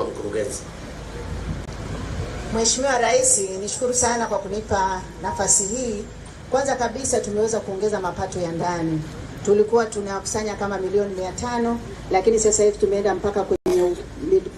Mkurugenzi. Mheshimiwa Rais, nishukuru sana kwa kunipa nafasi hii. Kwanza kabisa tumeweza kuongeza mapato ya ndani. Tulikuwa tunakusanya kama milioni mia tano lakini sasa hivi tumeenda mpaka kwenye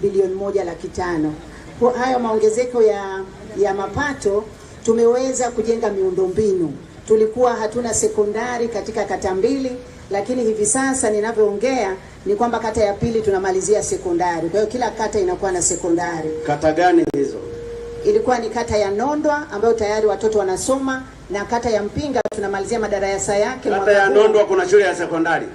bilioni moja laki tano. Kwa hayo maongezeko ya, ya mapato tumeweza kujenga miundombinu. Tulikuwa hatuna sekondari katika kata mbili lakini hivi sasa ninavyoongea ni kwamba kata ya pili tunamalizia sekondari. Kwa hiyo kila kata inakuwa na sekondari. Kata gani hizo? Ilikuwa ni kata ya Nondwa ambayo tayari watoto wanasoma na kata ya Mpinga tunamalizia madarasa yake. Kata ya Nondwa kuna shule ya sekondari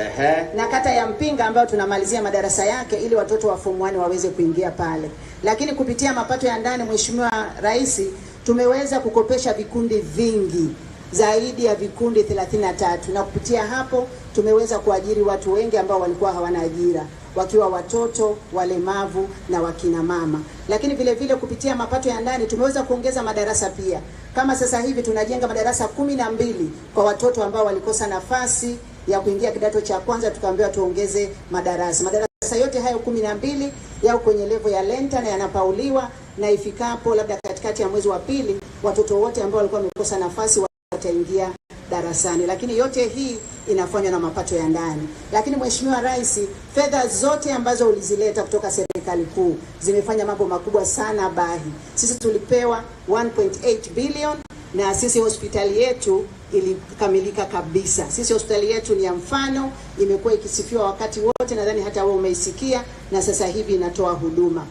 Ehe. na kata ya Mpinga ambayo tunamalizia madarasa yake ili watoto wa form 1 waweze kuingia pale. Lakini kupitia mapato ya ndani, Mheshimiwa Rais, tumeweza kukopesha vikundi vingi zaidi ya vikundi 33 na kupitia hapo tumeweza kuajiri watu wengi ambao walikuwa hawana ajira wakiwa watoto, walemavu na wakina mama. Lakini vile vile kupitia mapato ya ndani tumeweza kuongeza madarasa pia. Kama sasa hivi tunajenga madarasa kumi na mbili kwa watoto ambao walikosa nafasi ya kuingia kidato cha kwanza, tukaambiwa tuongeze madarasa. Madarasa yote hayo kumi na mbili yao kwenye levo ya lenta na yanapauliwa, na ifikapo labda katikati ya mwezi wa pili, watoto wote ambao walikuwa wamekosa nafasi ataingia darasani, lakini yote hii inafanywa na mapato ya ndani. Lakini Mheshimiwa Rais, fedha zote ambazo ulizileta kutoka serikali kuu zimefanya mambo makubwa sana Bahi. Sisi tulipewa 1.8 billion na sisi hospitali yetu ilikamilika kabisa. Sisi hospitali yetu ni ya mfano, imekuwa ikisifiwa wakati wote, nadhani hata wewe umeisikia, na sasa hivi inatoa huduma.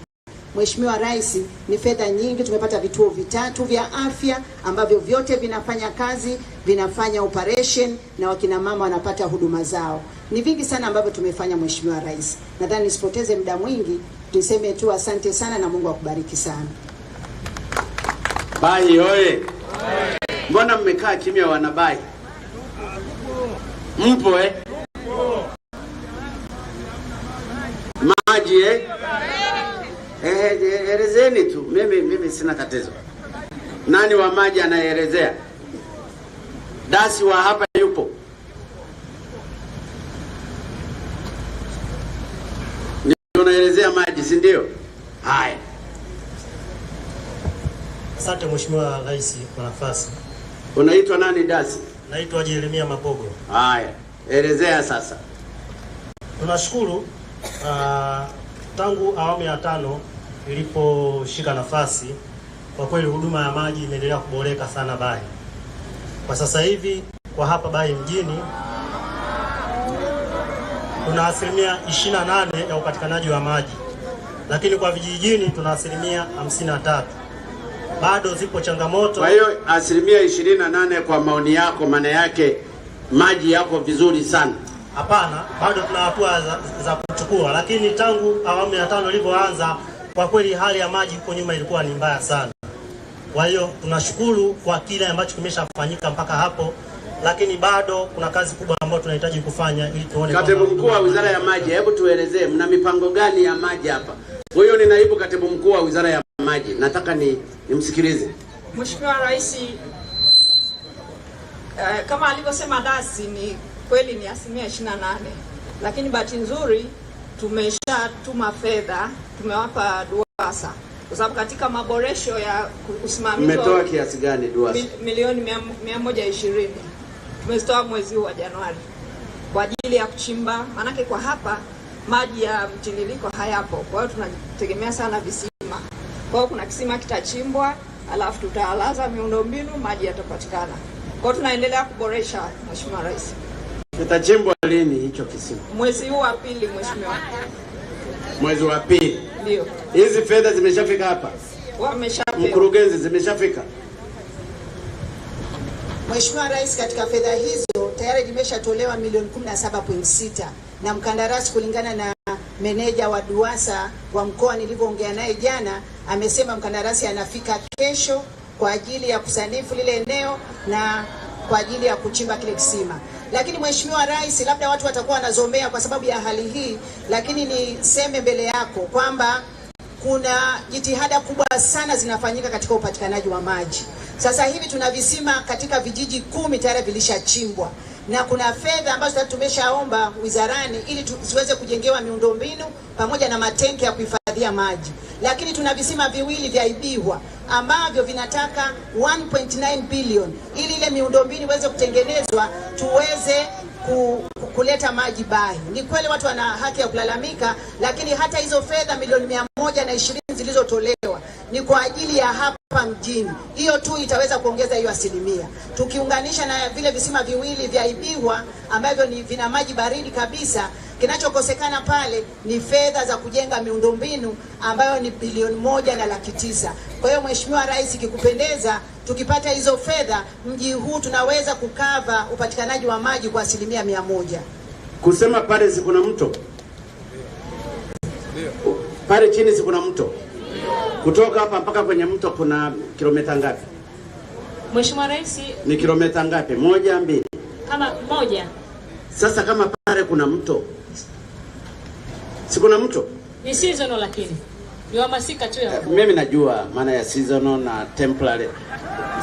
Mheshimiwa Rais, ni fedha nyingi. Tumepata vituo vitatu vya afya ambavyo vyote vinafanya kazi, vinafanya operation na wakina mama wanapata huduma zao. Ni vingi sana ambavyo tumefanya Mheshimiwa Rais. Nadhani nisipoteze muda mwingi, niseme tu asante sana na Mungu akubariki sana. bai oye! Mbona mmekaa kimya wanabai Mpo eh? Maji eh? Eh, elezeni tu, mimi mimi sina tatizo. Nani wa maji anayeelezea? Dasi wa hapa yupo? Ndio maji, si ndio? Haya, asante Mheshimiwa Rais kwa nafasi. Unaitwa nani Dasi? Naitwa Jeremia Mabogo. Haya, elezea sasa. Tunashukuru uh, tangu awamu ya tano iliposhika nafasi, kwa kweli huduma ya maji imeendelea kuboreka sana Bahi. Kwa sasa hivi kwa hapa Bahi mjini tuna asilimia 28 ya upatikanaji wa maji, lakini kwa vijijini tuna asilimia 53. Bado zipo changamoto. Kwa hiyo asilimia 28, kwa maoni yako, maana yake maji yako vizuri sana? Hapana, bado tuna hatua za, za kuchukua, lakini tangu awamu ya tano ilipoanza kwa kweli hali ya maji huko nyuma ilikuwa ni mbaya sana. Kwa hiyo tunashukuru kwa kile ambacho kimeshafanyika mpaka hapo, lakini bado kuna kazi kubwa ambayo tunahitaji kufanya ili tuone. Katibu mkuu wa wizara ya maji, hebu tuelezee mna mipango gani ya maji hapa? Huyo ni naibu katibu mkuu wa wizara ya maji, nataka ni nimsikilize Mheshimiwa Rais. Uh, kama alivyosema dasi ni kweli ni asilimia 28, lakini bahati nzuri tumeshatuma fedha, tumewapa DUWASA kwa sababu katika maboresho ya usimamizi mmetoa kiasi gani DUWASA? Milioni 120 tumezitoa mwezi huu wa Januari kwa ajili ya kuchimba, maanake kwa hapa maji ya mtiririko hayapo, kwa hiyo tunategemea sana visima. Kwa hiyo kuna kisima kitachimbwa, alafu tutalaza miundombinu, maji yatapatikana. Kwa hiyo tunaendelea kuboresha, Mheshimiwa Rais. Kitachimbwa lini hicho kisima? Mwezi huu wa pili, mheshimiwa. Mwezi wa pili. Ndio. Hizi fedha zimeshafika hapa? Wameshafika. Mkurugenzi, zimeshafika? Mheshimiwa Rais, katika fedha hizo tayari zimeshatolewa milioni 17.6 na mkandarasi kulingana na meneja wa DUWASA wa mkoa nilivyoongea naye jana, amesema mkandarasi anafika kesho kwa ajili ya kusanifu lile eneo na kwa ajili ya kuchimba kile kisima. Lakini Mheshimiwa Rais, labda watu watakuwa wanazomea kwa sababu ya hali hii, lakini niseme mbele yako kwamba kuna jitihada kubwa sana zinafanyika katika upatikanaji wa maji. Sasa hivi tuna visima katika vijiji kumi tayari vilishachimbwa na kuna fedha ambazo tayari tumeshaomba wizarani ili ziweze kujengewa miundombinu pamoja na matenki ya kuhifadhia maji, lakini tuna visima viwili vya Ibiwa ambavyo vinataka 1.9 billion ili ile miundombinu iweze kutengenezwa tuweze ku, kuleta maji bahi. Ni kweli watu wana haki ya kulalamika, lakini hata hizo fedha milioni mia moja na ishirini zilizotolewa ni kwa ajili ya hapa mjini, hiyo tu itaweza kuongeza hiyo asilimia, tukiunganisha na vile visima viwili vya Ibiwa ambavyo ni vina maji baridi kabisa Kinachokosekana pale ni fedha za kujenga miundombinu ambayo ni bilioni moja na laki tisa. Kwa hiyo Mheshimiwa Rais, ikikupendeza, tukipata hizo fedha, mji huu tunaweza kukava upatikanaji wa maji kwa asilimia mia moja. Kusema pale si kuna mto pale chini, si mto kutoka hapa mpaka kwenye mto kuna kilomita ngapi? Mheshimiwa Rais, ni kilomita ngapi? Moja, mbili, kama moja. Sasa kama pale kuna mto Si kuna mto? Ni seasonal lakini. Ni hamasika tu ya. Eh, mimi najua maana ya seasonal na temporary.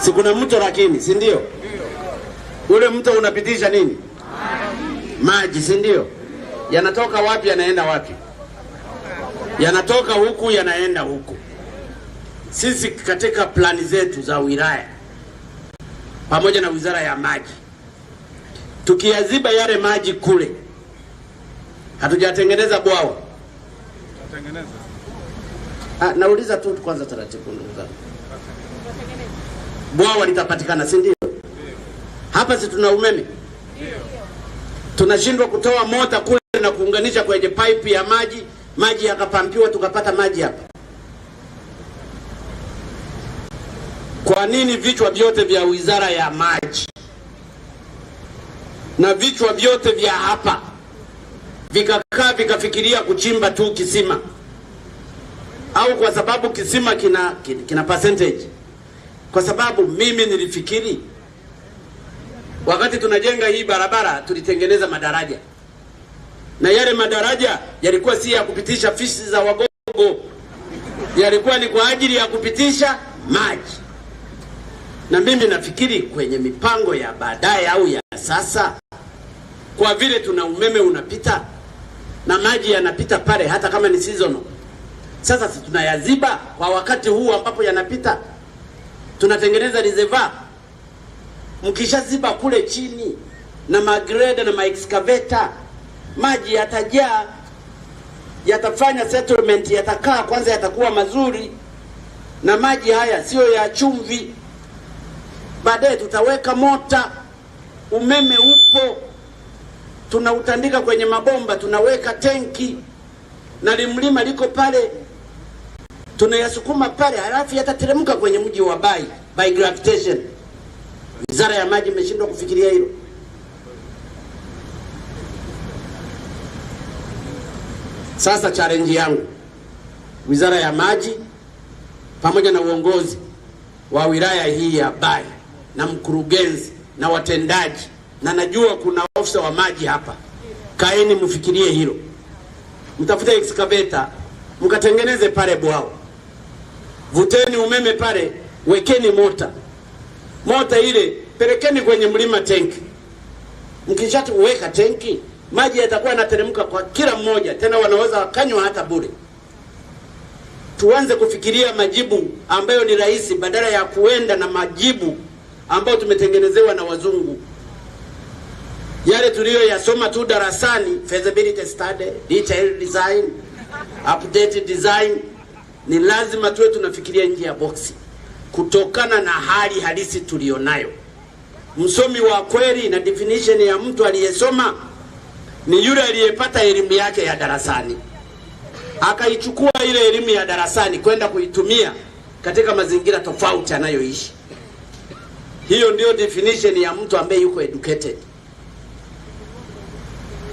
Si kuna mto lakini, si ndio? Ule mto unapitisha nini? Maji, si ndio? Yanatoka wapi yanaenda wapi? Yanatoka huku yanaenda huku. Sisi katika plani zetu za wilaya pamoja na wizara ya maji tukiyaziba yale maji kule hatujatengeneza bwawa. Ah, nauliza tu kwanza taratibu, ndugu zangu, bwawa litapatikana, si ndio? Hapa si tuna umeme, tunashindwa kutoa mota kule na kuunganisha kwenye pipe ya maji, maji yakapampiwa, tukapata maji hapa. Kwa nini vichwa vyote vya wizara ya maji na vichwa vyote vya hapa vikakaa vikafikiria kuchimba tu kisima au kwa sababu kisima kina, kina percentage. Kwa sababu mimi nilifikiri wakati tunajenga hii barabara tulitengeneza madaraja, na yale madaraja yalikuwa si ya kupitisha fisi za wagogo, yalikuwa ni kwa ajili ya kupitisha maji. Na mimi nafikiri kwenye mipango ya baadaye au ya sasa, kwa vile tuna umeme unapita na maji yanapita pale hata kama ni seasonal. Sasa si tunayaziba kwa wakati huu ambapo yanapita, tunatengeneza reservoir. Mkishaziba kule chini na magrade na maexcavator, maji yatajaa, yatafanya settlement, yatakaa kwanza, yatakuwa mazuri. Na maji haya siyo ya chumvi, baadaye tutaweka mota, umeme upo tunautandika kwenye mabomba, tunaweka tenki na limlima liko pale, tunayasukuma pale, halafu yatateremka kwenye mji wa Bai by gravitation. Wizara ya maji imeshindwa kufikiria hilo. Sasa challenge yangu wizara ya maji pamoja na uongozi wa wilaya hii ya Bai na mkurugenzi na watendaji na najua kuna ofisa wa maji hapa, kaeni mfikirie hilo, mtafute excavator mkatengeneze pale bwao, vuteni umeme pale, wekeni mota, mota ile pelekeni kwenye mlima tenki. Mkishatuweka tenki, maji yatakuwa yanateremka kwa kila mmoja, tena wanaweza wakanywa hata bure. Tuanze kufikiria majibu ambayo ni rahisi, badala ya kuenda na majibu ambayo tumetengenezewa na wazungu yale tuliyoyasoma tu darasani, feasibility study, detail design, update design, ni lazima tuwe tunafikiria nje ya boksi kutokana na hali halisi tuliyonayo. Msomi wa kweli na definition ya mtu aliyesoma ni yule aliyepata elimu yake ya darasani akaichukua ile elimu ya darasani kwenda kuitumia katika mazingira tofauti anayoishi. Hiyo ndio definition ya mtu ambaye yuko educated.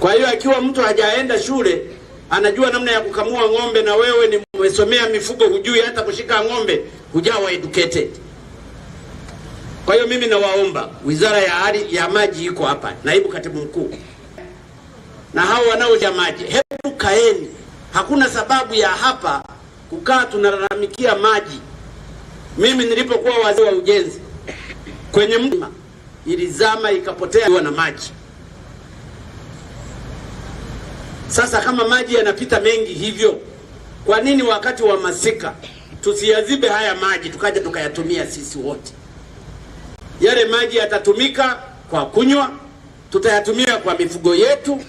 Kwa hiyo akiwa mtu hajaenda shule anajua namna ya kukamua ng'ombe, na wewe ni umesomea mifugo, hujui hata kushika ng'ombe, hujawa educated. Kwa hiyo mimi nawaomba, wizara ya ardhi ya maji iko hapa, naibu katibu mkuu na hao wanaoja maji, hebu kaeni. Hakuna sababu ya hapa kukaa tunalalamikia maji. Mimi nilipokuwa waziri wa ujenzi kwenye mlima ilizama ikapotea na maji Sasa kama maji yanapita mengi hivyo, kwa nini wakati wa masika tusiyazibe haya maji tukaja tukayatumia sisi wote? Yale maji yatatumika kwa kunywa, tutayatumia kwa mifugo yetu,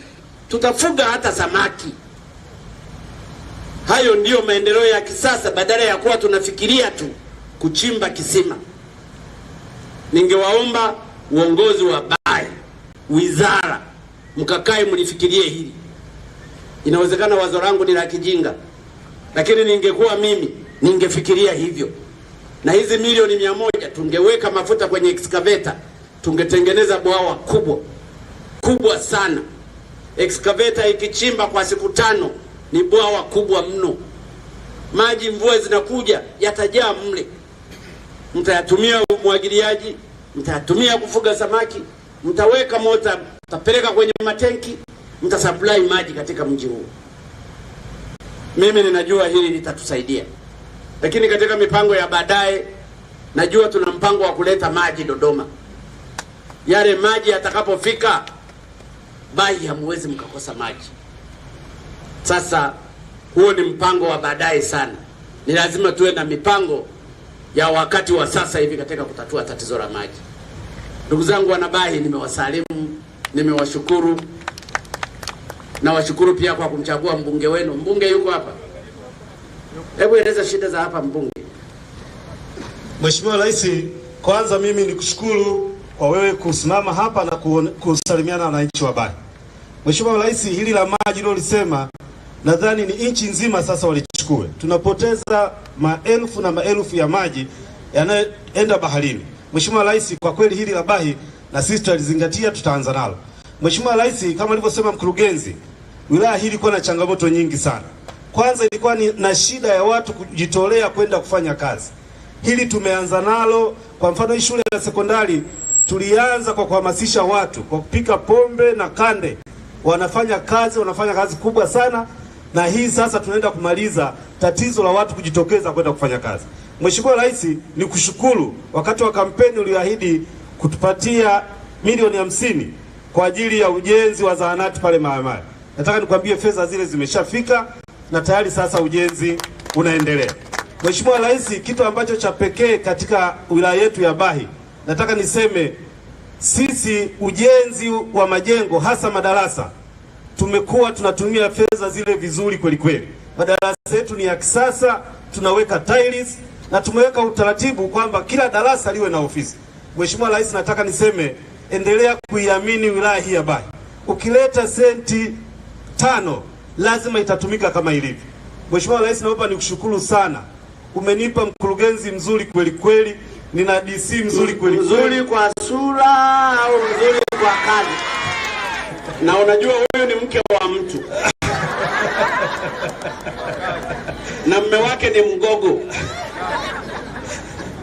tutafuga hata samaki. Hayo ndiyo maendeleo ya kisasa, badala ya kuwa tunafikiria tu kuchimba kisima. Ningewaomba uongozi wa BAE, wizara, mkakae mlifikirie hili. Inawezekana wazo langu ni la kijinga, lakini ningekuwa mimi ningefikiria hivyo. Na hizi milioni mia moja tungeweka mafuta kwenye excavator, tungetengeneza bwawa kubwa kubwa sana. Excavator ikichimba kwa siku tano ni bwawa kubwa mno. Maji mvua zinakuja yatajaa mle, mtayatumia umwagiliaji, mtayatumia kufuga samaki, mtaweka mota, mtapeleka kwenye matenki mtasupply maji katika mji huu. Mimi ninajua hili litatusaidia, lakini katika mipango ya baadaye, najua tuna mpango wa kuleta maji Dodoma. Yale maji yatakapofika Bahi, hamwezi mkakosa maji. Sasa huo ni mpango wa baadaye sana, ni lazima tuwe na mipango ya wakati wa sasa hivi katika kutatua tatizo la maji. Ndugu zangu wanabahi, nimewasalimu, nimewashukuru. Nawashukuru pia kwa kumchagua mbunge wenu. Mbunge yuko hapa, hebu eleza shida za hapa mbunge. Mheshimiwa Rais, kwanza mimi kushukuru kwa wewe kusimama hapa na kusalimiana na wananchi wa Bari. Mheshimiwa Rais, hili la maji lilolisema nadhani ni nchi nzima sasa walichukue. Tunapoteza maelfu na maelfu ya maji yanayoenda baharini. Mheshimiwa Rais, kwa kweli hili la Bahi na sisi tutalizingatia, tutaanza nalo. Mheshimiwa Rais, kama alivyosema mkurugenzi wilaya hii ilikuwa na changamoto nyingi sana. Kwanza ilikuwa ni na shida ya watu kujitolea kwenda kufanya kazi. Hili tumeanza nalo. Kwa mfano, hii shule ya sekondari tulianza kwa kuhamasisha watu kwa kupika pombe na kande, wanafanya kazi, wanafanya kazi kubwa sana, na hii sasa tunaenda kumaliza tatizo la watu kujitokeza kwenda kufanya kazi. Mheshimiwa Rais, ni kushukuru, wakati wa kampeni uliahidi kutupatia milioni hamsini kwa ajili ya ujenzi wa zahanati pale Mahamaya. Nataka nikwambie fedha zile zimeshafika na tayari sasa ujenzi unaendelea. Mheshimiwa Rais, kitu ambacho cha pekee katika wilaya yetu ya Bahi, nataka niseme sisi ujenzi wa majengo hasa madarasa tumekuwa tunatumia fedha zile vizuri kweli kweli. Madarasa yetu ni ya kisasa, tunaweka tiles na tumeweka utaratibu kwamba kila darasa liwe na ofisi. Mheshimiwa Rais, nataka niseme endelea kuiamini wilaya hii ya Bahi. Ukileta senti tano lazima itatumika kama ilivyo. Mheshimiwa Rais, naomba nikushukuru sana, umenipa mkurugenzi mzuri kweli kweli, nina DC mzuri kweli kweli, mzuri kwa sura au mzuri kwa kazi, na unajua huyu ni mke wa mtu na mme wake ni mgogo.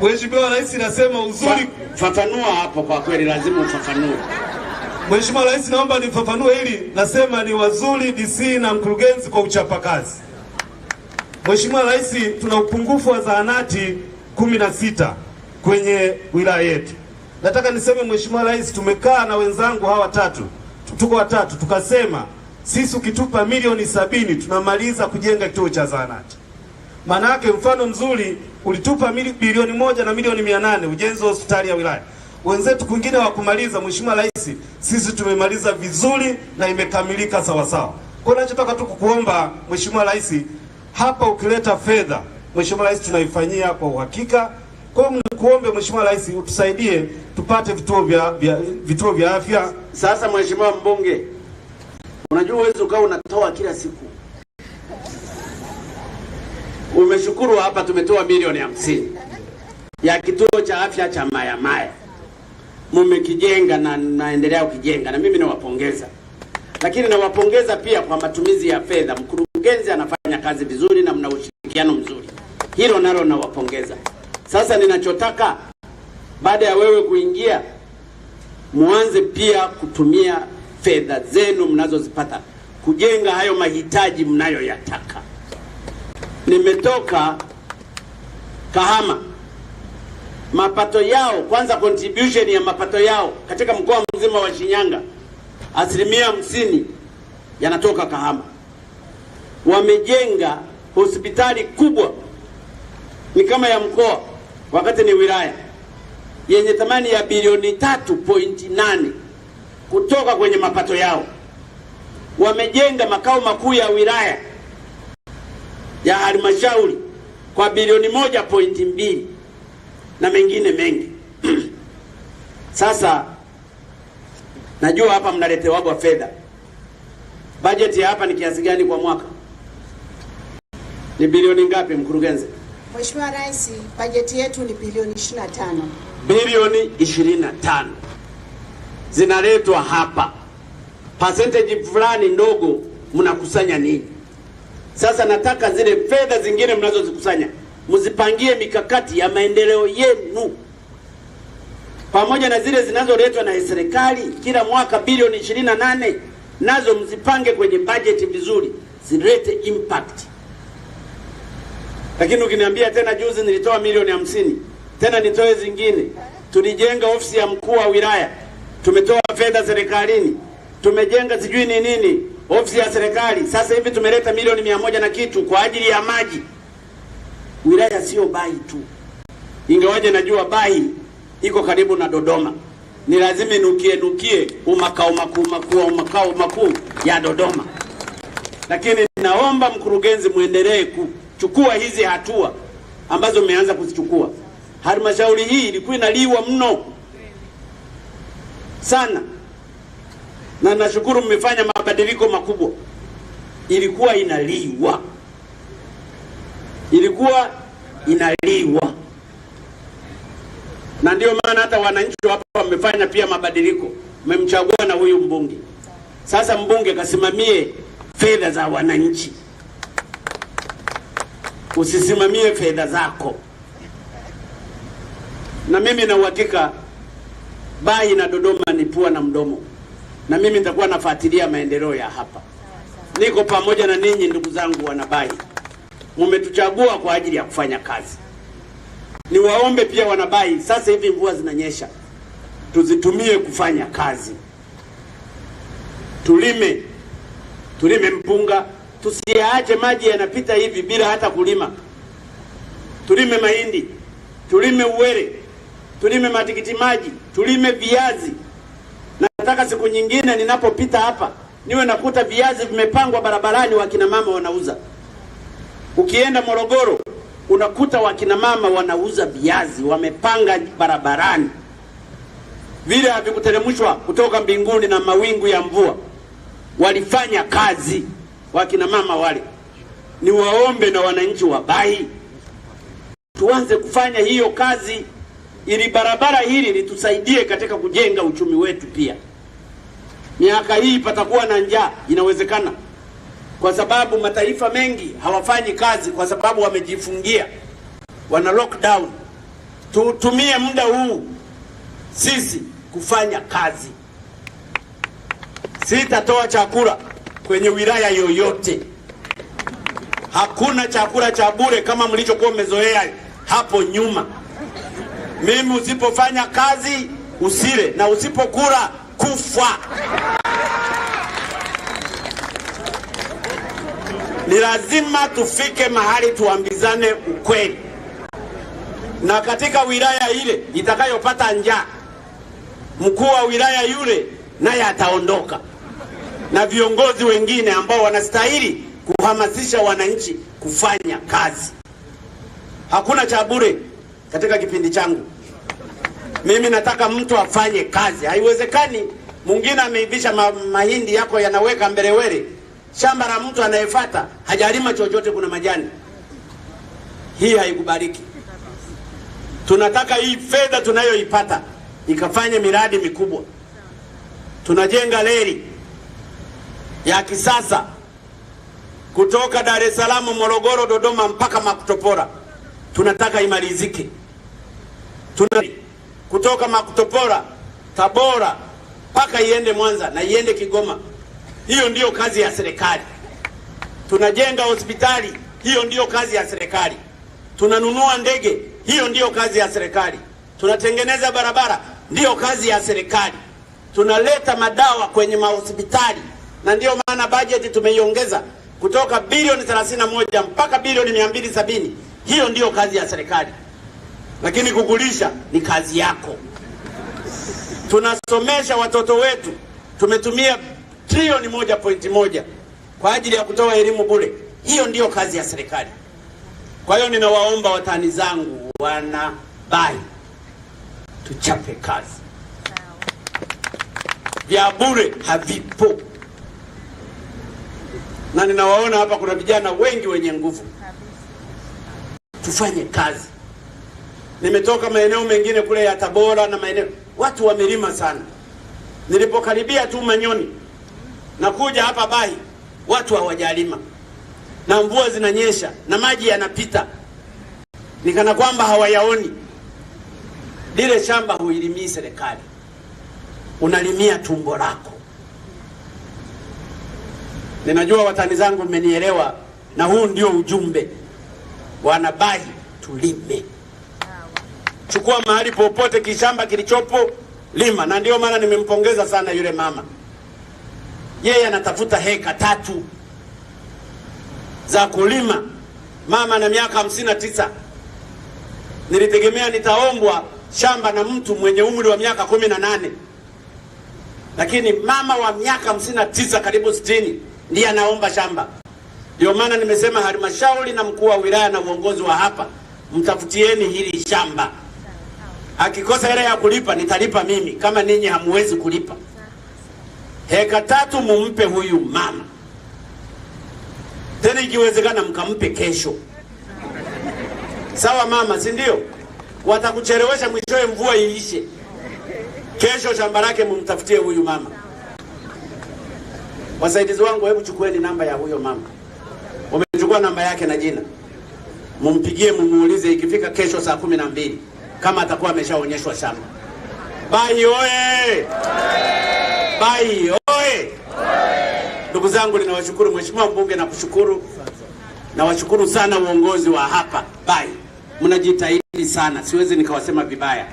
Mheshimiwa Rais, nasema uzuri, fafanua hapo, kwa kweli lazima ufafanue. Mheshimiwa Rais, naomba nifafanue hili. Nasema ni wazuri DC na mkurugenzi kwa uchapakazi. Mheshimiwa Rais, tuna upungufu wa zahanati kumi na sita kwenye wilaya yetu. Nataka niseme Mheshimiwa Rais, tumekaa na wenzangu hawa watatu, tuko watatu, tukasema sisi ukitupa milioni sabini tunamaliza kujenga kituo cha zahanati. Maana yake mfano mzuri ulitupa bilioni moja na milioni mia nane ujenzi wa hospitali ya wilaya wenzetu kwingine kumaliza. Mheshimiwa Rais, sisi tumemaliza vizuri na imekamilika sawasawa. Kwa hiyo nachotaka tu kukuomba Mheshimiwa Rais, hapa ukileta fedha, Mheshimiwa Rais, tunaifanyia kwa uhakika. Kwa hiyo mkuombe Mheshimiwa Rais utusaidie tupate vituo vya, vya, vituo vya afya. Sasa Mheshimiwa mbunge, unajua uwezo ukawa unatoa kila siku Umeshukuru hapa tumetoa milioni hamsini ya kituo cha afya cha Mayamaya mmekijenga na naendelea kukijenga na mimi nawapongeza, lakini nawapongeza pia kwa matumizi ya fedha. Mkurugenzi anafanya kazi vizuri na mna ushirikiano mzuri, hilo nalo nawapongeza. Sasa ninachotaka baada ya wewe kuingia, muanze pia kutumia fedha zenu mnazozipata kujenga hayo mahitaji mnayoyataka. Nimetoka Kahama mapato yao kwanza, contribution ya mapato yao katika mkoa mzima wa Shinyanga asilimia hamsini yanatoka Kahama. Wamejenga hospitali kubwa ni kama ya mkoa, wakati ni wilaya, yenye thamani ya bilioni tatu pointi nane kutoka kwenye mapato yao. Wamejenga makao makuu ya wilaya ya halmashauri kwa bilioni moja pointi mbili na mengine mengi Sasa najua hapa mnaletewagwa fedha. Bajeti ya hapa ni kiasi gani kwa mwaka? Ni bilioni ngapi, mkurugenzi? Mheshimiwa Rais, bajeti yetu ni bilioni 25. Bilioni 25 zinaletwa hapa, percentage fulani ndogo mnakusanya nini? Sasa nataka zile fedha zingine mnazozikusanya mzipangie mikakati ya maendeleo yenu pamoja na zile zinazoletwa na serikali kila mwaka bilioni nane nazo mzipange kwenye bajeti vizuri, zilete impact. Lakini ukiniambia tena, juzi nilitoa milioni hamsini, tena nitoe zingine. Tulijenga ofisi ya mkuu wa wilaya, tumetoa fedha serikalini, tumejenga sijui ni nini, ofisi ya serikali. Sasa hivi tumeleta milioni mia moja na kitu kwa ajili ya maji wilaya sio Bai tu, ingawaje najua Bai iko karibu na Dodoma, ni lazima nukie nukie umakao makuu makuu umakao makuu ya Dodoma. Lakini naomba mkurugenzi, muendelee kuchukua hizi hatua ambazo mmeanza kuzichukua. Halmashauri hii ilikuwa inaliwa mno sana, na nashukuru mmefanya mabadiliko makubwa. Ilikuwa inaliwa ilikuwa inaliwa, na ndio maana hata wananchi hapa wamefanya pia mabadiliko, mmemchagua na huyu mbunge sasa, mbunge kasimamie fedha za wananchi, usisimamie fedha zako. Na mimi na uhakika Bahi na Dodoma ni pua na mdomo, na mimi nitakuwa nafuatilia maendeleo ya hapa. Niko pamoja na ninyi ndugu zangu wana Bahi umetuchagua kwa ajili ya kufanya kazi. Niwaombe pia wanabai, sasa hivi mvua zinanyesha, tuzitumie kufanya kazi, tulime, tulime mpunga, tusiyaache maji yanapita hivi bila hata kulima. Tulime mahindi, tulime uwele, tulime matikiti maji, tulime viazi. Nataka siku nyingine ninapopita hapa niwe nakuta viazi vimepangwa barabarani, wakina mama wanauza. Ukienda Morogoro unakuta wakinamama wanauza viazi, wamepanga barabarani, vile havikuteremshwa kutoka mbinguni na mawingu ya mvua. Walifanya kazi wakinamama wale. Ni waombe na wananchi wabai, tuanze kufanya hiyo kazi ili barabara hili litusaidie katika kujenga uchumi wetu. Pia miaka hii patakuwa na njaa, inawezekana kwa sababu mataifa mengi hawafanyi kazi kwa sababu wamejifungia, wana lockdown. Tuutumie muda huu sisi kufanya kazi. Sitatoa chakula kwenye wilaya yoyote, hakuna chakula cha bure kama mlichokuwa mmezoea hapo nyuma. Mimi usipofanya kazi usile, na usipokula kufa. Ni lazima tufike mahali tuambizane ukweli, na katika wilaya ile itakayopata njaa, mkuu wa wilaya yule naye ataondoka na viongozi wengine ambao wanastahili kuhamasisha wananchi kufanya kazi. Hakuna cha bure katika kipindi changu. Mimi nataka mtu afanye kazi, haiwezekani mwingine ameivisha mahindi yako yanaweka mbelewele shamba la mtu anayefata hajalima chochote, kuna majani. Hii haikubaliki. Tunataka hii fedha tunayoipata ikafanye miradi mikubwa. Tunajenga reli ya kisasa kutoka Dar es Salaam, Morogoro, Dodoma mpaka Makutopora. Tunataka imalizike. Tuna kutoka Makutopora, Tabora mpaka iende Mwanza na iende Kigoma hiyo ndiyo kazi ya serikali. Tunajenga hospitali, hiyo ndiyo kazi ya serikali. Tunanunua ndege, hiyo ndiyo kazi ya serikali. Tunatengeneza barabara, ndiyo kazi ya serikali. Tunaleta madawa kwenye mahospitali, na ndiyo maana bajeti tumeiongeza kutoka bilioni 31 mpaka bilioni 270. Hiyo ndiyo kazi ya serikali, lakini kukulisha ni kazi yako. Tunasomesha watoto wetu, tumetumia trilioni moja pointi moja kwa ajili ya kutoa elimu bure. Hiyo ndiyo kazi ya serikali. Kwa hiyo ninawaomba watani zangu wana Bahi, tuchape kazi. Vya bure havipo, na ninawaona hapa kuna vijana wengi wenye nguvu. Tufanye kazi. Nimetoka maeneo mengine kule ya Tabora na maeneo, watu wamelima sana. Nilipokaribia tu Manyoni nakuja hapa Bahi watu hawajalima na mvua zinanyesha na maji yanapita, nikana kwamba hawayaoni. Lile shamba huilimii serikali, unalimia tumbo lako. Ninajua watani zangu mmenielewa, na huu ndio ujumbe. Wana Bahi, tulime, chukua mahali popote kishamba kilichopo, lima. Na ndio maana nimempongeza sana yule mama yeye anatafuta heka tatu za kulima. Mama na miaka hamsini na tisa, nilitegemea nitaombwa shamba na mtu mwenye umri wa miaka kumi na nane, lakini mama wa miaka hamsini na tisa karibu sitini ndiye anaomba shamba. Ndio maana nimesema halmashauri na mkuu wa wilaya na uongozi wa hapa, mtafutieni hili shamba. Akikosa hela ya kulipa nitalipa mimi, kama ninyi hamwezi kulipa heka tatu mumpe huyu mama, tena ikiwezekana mkampe kesho. Sawa mama, si ndio? Watakuchelewesha, mwishowe mvua iishe, kesho shamba lake mumtafutie huyu mama. Wasaidizi wangu, hebu chukueni namba ya huyo mama, wamechukua namba yake na jina, mumpigie, mumuulize ikifika kesho saa kumi na mbili kama atakuwa ameshaonyeshwa shamba. Bayi oye! Ndugu zangu, ninawashukuru Mheshimiwa Mbunge, nakushukuru, nawashukuru sana uongozi wa hapa Bai, mnajitahidi sana, siwezi nikawasema vibaya.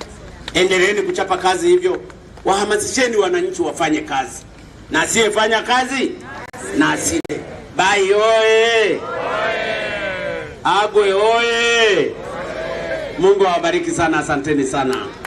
Endeleeni kuchapa kazi hivyo, wahamasisheni wananchi wafanye kazi, na asiyefanya kazi na asile. Bai oye! Agwe oye! Mungu awabariki sana, asanteni sana.